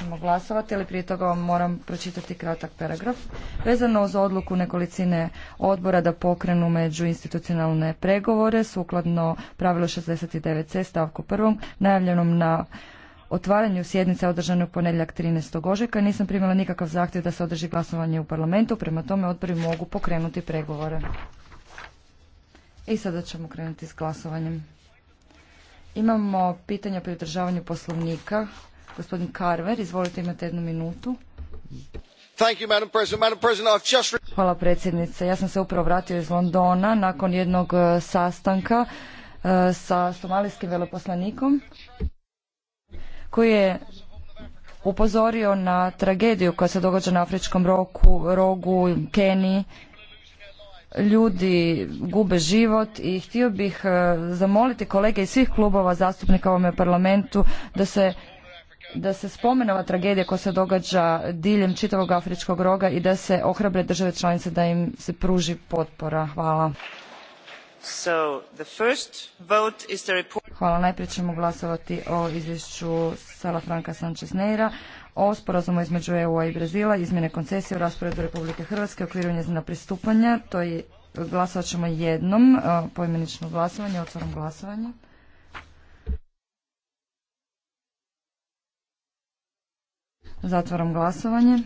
ćemo glasovati, ali prije toga vam moram pročitati kratak paragraf. Vezano uz odluku nekolicine odbora da pokrenu međuinstitucionalne pregovore sukladno pravilu 69c stavku 1. najavljenom na otvaranju sjednice održane u ponedjeljak 13. ožujka nisam primila nikakav zahtjev da se održi glasovanje u parlamentu, prema tome odbori mogu pokrenuti pregovore. I sada ćemo krenuti s glasovanjem. Imamo pitanja o pridržavanju poslovnika. Gospodin Carver, izvolite imate jednu minutu. Hvala predsjednice. Ja sam se upravo vratio iz Londona nakon jednog e, sastanka e, sa somalijskim veleposlanikom koji je upozorio na tragediju koja se događa na afričkom roku, rogu, Keniji. Ljudi gube život i htio bih e, zamoliti kolege iz svih klubova zastupnika u ovome parlamentu da se da se spomene ova tragedija koja se događa diljem čitavog afričkog roga i da se ohrabre države članice da im se pruži potpora. Hvala. Hvala. Najprije ćemo glasovati o izvješću Sala Franka Sanchez Neira o sporazumu između eu i Brazila, izmjene koncesije u rasporedu Republike Hrvatske, okviru njezina pristupanja. To je glasovat ćemo jednom, e, poimenično glasovanje, otvorom glasovanje. Zatvaram glasovanje.